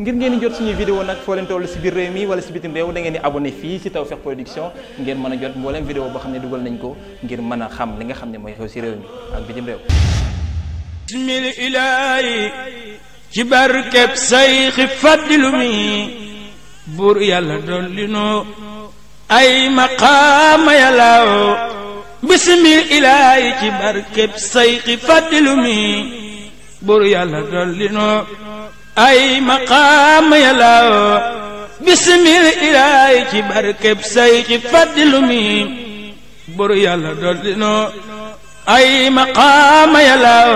ngir ngeen di jot suñuy vidéo nag foo leen toll si biir réew mi wala si bitim réew da ngeen di abonné fii si Tawfekh Production ngeen mën a jot mbooleem vidéo boo xam ne dugal nañ ko ngir mën a xam li nga xam ne mooy xew si réew mi ak bitim réew buur yàlla dolli noo ay maqaama yàllaaw bismil ilaahi ci barkeb xi fàddilu mi buur yàlla dolli noo ay maqaam yàllaaw bisimil ilaahi ci barkeb say ci fàddilu mi buru yàlla dolli ay maqaam yàllaaw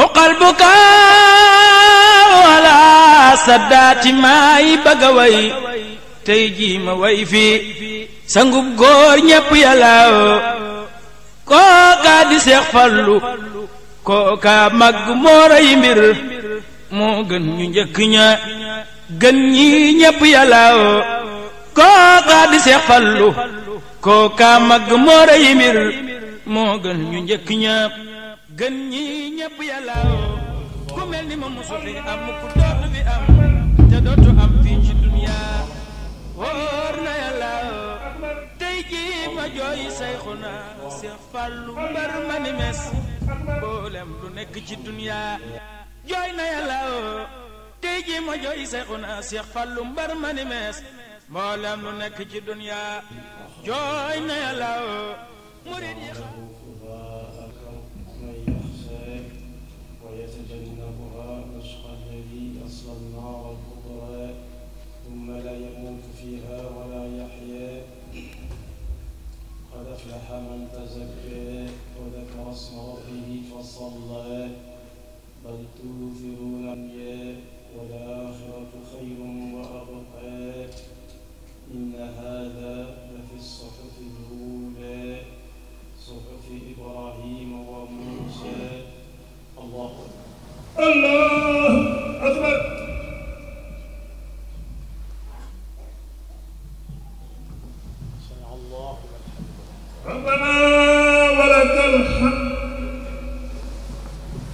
xuqal bu kaaw wala saddaati maay bëgg a way jii ma way fi sangub góor ñépp yàllaaw kookaa di seex fallu kooka mag moo rey mbir moo gën ñu njëkk ña gën ñi ñépp yàllaaw kooka di Seex Fallu kooka mag moo rey moo gën ñu njëkk ña fàllu mbar mboolem lu nekk ci duniyaa jooy na yàlla oo tey jii ma jooy Seexuna Seex fàllu mbar mani mes mboolem lu nekk ci duniyaa jooy na yàlla oo والمدد والصلاة بل توثرون الأنبياء والآخرة خير وأبقى إن هذا لفي الصحف الأولى صحف إبراهيم وموسى الله الله أكبر ربنا ولك الحمد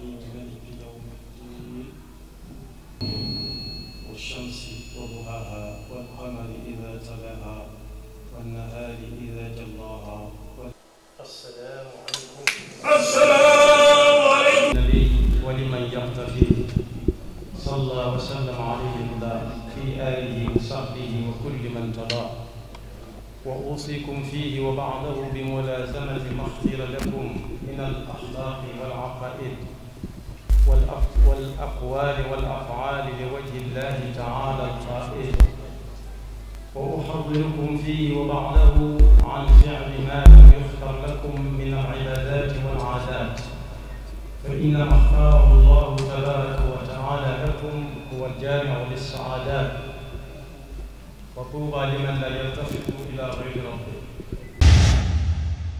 والملك يوم الدين والشمس وضحاها والقمر إذا تلاها والنهار إذا جلاها السلام عليكم السلام عليكم النبي ولمن يقتفي صلى الله وسلم عليه الله في آله وصحبه وكل من تبعه وأوصيكم فيه وبعده بملازمة ما اختير لكم من الأخلاق والعقائد والأقوال والأفعال لوجه الله تعالى القائل وأحضركم فيه وبعده عن فعل ما لم يختر لكم من العبادات والعادات فإنما اختاره الله تبارك وتعالى لكم هو الجامع للسعادات وطوبى لمن لا يلتفت إلى غير ربه